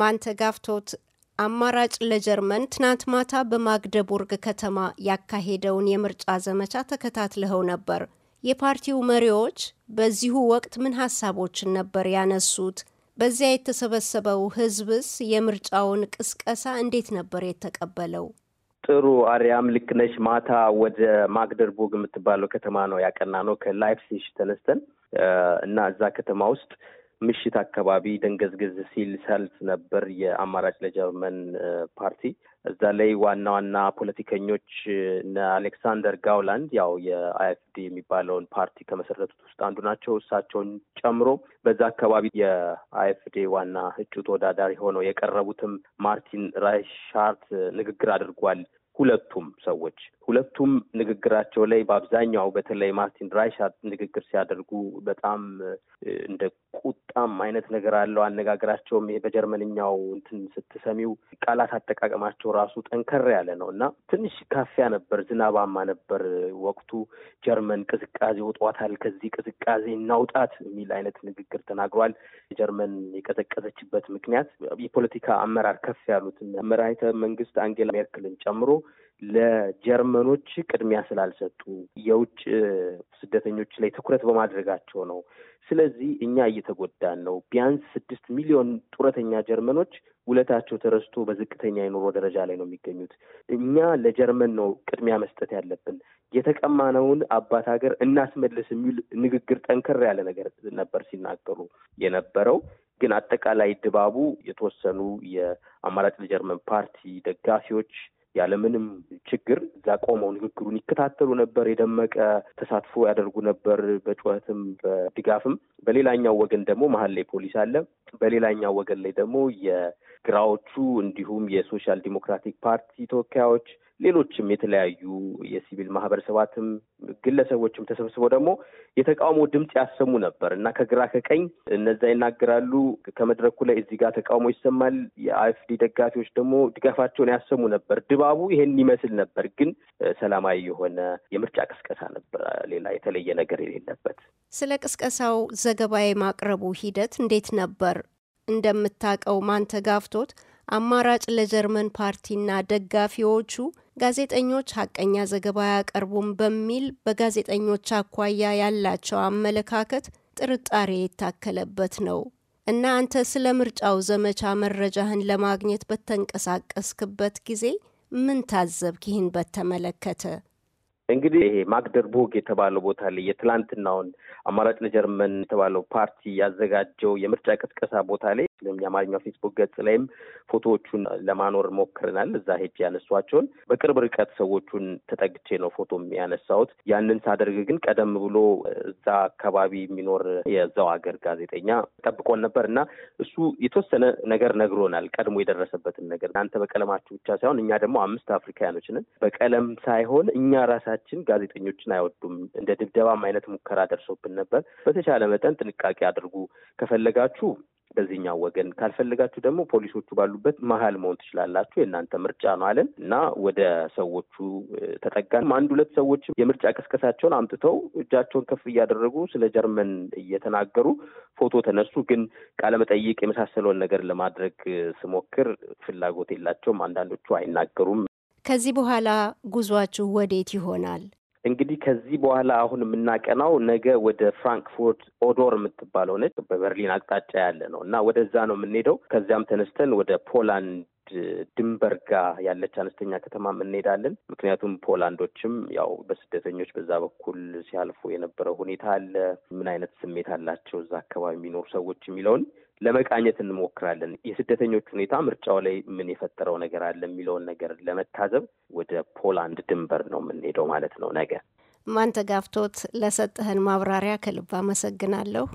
ማንተጋፍቶት አማራጭ ለጀርመን ትናንት ማታ በማግደቡርግ ከተማ ያካሄደውን የምርጫ ዘመቻ ተከታትለኸው ነበር። የፓርቲው መሪዎች በዚሁ ወቅት ምን ሀሳቦችን ነበር ያነሱት? በዚያ የተሰበሰበው ህዝብስ የምርጫውን ቅስቀሳ እንዴት ነበር የተቀበለው? ጥሩ አርያም፣ ልክ ነሽ። ማታ ወደ ማግደቡርግ የምትባለው ከተማ ነው ያቀና ነው ከላይፕሲሽ ተነስተን እና እዛ ከተማ ውስጥ ምሽት አካባቢ ደንገዝገዝ ሲል ሰልፍ ነበር የአማራጭ ለጀርመን ፓርቲ። እዛ ላይ ዋና ዋና ፖለቲከኞች እነ አሌክሳንደር ጋውላንድ ያው የአይኤፍዲ የሚባለውን ፓርቲ ከመሰረቱት ውስጥ አንዱ ናቸው። እሳቸውን ጨምሮ በዛ አካባቢ የአይኤፍዲ ዋና እጩ ተወዳዳሪ ሆነው የቀረቡትም ማርቲን ራይሻርት ንግግር አድርጓል። ሁለቱም ሰዎች ሁለቱም ንግግራቸው ላይ በአብዛኛው በተለይ ማርቲን ድራይሻት ንግግር ሲያደርጉ በጣም እንደ ቁጣም አይነት ነገር አለው አነጋገራቸውም። ይሄ በጀርመንኛው እንትን ስትሰሚው ቃላት አጠቃቀማቸው ራሱ ጠንከር ያለ ነው እና ትንሽ ካፊያ ነበር፣ ዝናባማ ነበር ወቅቱ። ጀርመን ቅዝቃዜ ወጧታል፣ ከዚህ ቅዝቃዜ እናውጣት የሚል አይነት ንግግር ተናግሯል። ጀርመን የቀዘቀዘችበት ምክንያት የፖለቲካ አመራር ከፍ ያሉት መራሒተ መንግስት አንጌላ ሜርክልን ጨምሮ ለጀርመኖች ቅድሚያ ስላልሰጡ የውጭ ስደተኞች ላይ ትኩረት በማድረጋቸው ነው። ስለዚህ እኛ እየተጎዳን ነው። ቢያንስ ስድስት ሚሊዮን ጡረተኛ ጀርመኖች ውለታቸው ተረስቶ በዝቅተኛ የኑሮ ደረጃ ላይ ነው የሚገኙት። እኛ ለጀርመን ነው ቅድሚያ መስጠት ያለብን። የተቀማነውን አባት ሀገር እናስመልስ የሚል ንግግር ጠንከር ያለ ነገር ነበር ሲናገሩ የነበረው። ግን አጠቃላይ ድባቡ የተወሰኑ የአማራጭ ለጀርመን ፓርቲ ደጋፊዎች ያለምንም ችግር እዛ ቆመው ንግግሩን ይከታተሉ ነበር። የደመቀ ተሳትፎ ያደርጉ ነበር፣ በጩኸትም በድጋፍም። በሌላኛው ወገን ደግሞ መሀል ላይ ፖሊስ አለ። በሌላኛው ወገን ላይ ደግሞ የግራዎቹ እንዲሁም የሶሻል ዲሞክራቲክ ፓርቲ ተወካዮች ሌሎችም የተለያዩ የሲቪል ማህበረሰባትም ግለሰቦችም ተሰብስበው ደግሞ የተቃውሞ ድምፅ ያሰሙ ነበር እና ከግራ ከቀኝ እነዛ ይናገራሉ። ከመድረኩ ላይ እዚህ ጋር ተቃውሞ ይሰማል። የአኤፍዲ ደጋፊዎች ደግሞ ድጋፋቸውን ያሰሙ ነበር። ድባቡ ይሄን ይመስል ነበር፣ ግን ሰላማዊ የሆነ የምርጫ ቅስቀሳ ነበር። ሌላ የተለየ ነገር የሌለበት። ስለ ቅስቀሳው ዘገባ የማቅረቡ ሂደት እንዴት ነበር? እንደምታውቀው ማን ተጋፍቶት አማራጭ ለጀርመን ፓርቲና ደጋፊዎቹ ጋዜጠኞች ሀቀኛ ዘገባ አያቀርቡም በሚል በጋዜጠኞች አኳያ ያላቸው አመለካከት ጥርጣሬ የታከለበት ነው እና አንተ ስለ ምርጫው ዘመቻ መረጃህን ለማግኘት በተንቀሳቀስክበት ጊዜ ምን ታዘብክ? ይህን በተመለከተ እንግዲህ ይሄ ማግደርቡርግ የተባለው ቦታ ላይ የትላንትናውን አማራጭ ለጀርመን የተባለው ፓርቲ ያዘጋጀው የምርጫ ቅስቀሳ ቦታ ላይ ወይም የአማርኛው ፌስቡክ ገጽ ላይም ፎቶዎቹን ለማኖር ሞክረናል። እዛ ሄጄ ያነሷቸውን በቅርብ ርቀት ሰዎቹን ተጠግቼ ነው ፎቶም ያነሳሁት። ያንን ሳደርግ ግን ቀደም ብሎ እዛ አካባቢ የሚኖር የዛው ሀገር ጋዜጠኛ ጠብቆን ነበር እና እሱ የተወሰነ ነገር ነግሮናል። ቀድሞ የደረሰበትን ነገር እናንተ በቀለማችሁ ብቻ ሳይሆን እኛ ደግሞ አምስት አፍሪካውያኖች ነን። በቀለም ሳይሆን እኛ ራሳችን ጋዜጠኞችን አይወዱም። እንደ ድብደባም አይነት ሙከራ ደርሶብን ነበር። በተቻለ መጠን ጥንቃቄ አድርጉ። ከፈለጋችሁ በዚህኛው ወገን ካልፈለጋችሁ ደግሞ ፖሊሶቹ ባሉበት መሀል መሆን ትችላላችሁ። የእናንተ ምርጫ ነው አለን እና ወደ ሰዎቹ ተጠጋን። አንድ ሁለት ሰዎች የምርጫ ቅስቀሳቸውን አምጥተው እጃቸውን ከፍ እያደረጉ ስለ ጀርመን እየተናገሩ ፎቶ ተነሱ። ግን ቃለመጠይቅ የመሳሰለውን ነገር ለማድረግ ስሞክር ፍላጎት የላቸውም። አንዳንዶቹ አይናገሩም። ከዚህ በኋላ ጉዟችሁ ወዴት ይሆናል? እንግዲህ ከዚህ በኋላ አሁን የምናቀናው ነገ ወደ ፍራንክፉርት ኦዶር የምትባለው ነች፣ በበርሊን አቅጣጫ ያለ ነው እና ወደዛ ነው የምንሄደው። ከዚያም ተነስተን ወደ ፖላንድ ድንበር ጋር ያለች አነስተኛ ከተማ እንሄዳለን። ምክንያቱም ፖላንዶችም ያው በስደተኞች በዛ በኩል ሲያልፉ የነበረው ሁኔታ አለ፣ ምን አይነት ስሜት አላቸው እዛ አካባቢ የሚኖሩ ሰዎች የሚለውን ለመቃኘት እንሞክራለን። የስደተኞች ሁኔታ ምርጫው ላይ ምን የፈጠረው ነገር አለ የሚለውን ነገር ለመታዘብ ወደ ፖላንድ ድንበር ነው የምንሄደው ማለት ነው። ነገ ማንተጋፍቶት ለሰጠህን ማብራሪያ ከልብ አመሰግናለሁ።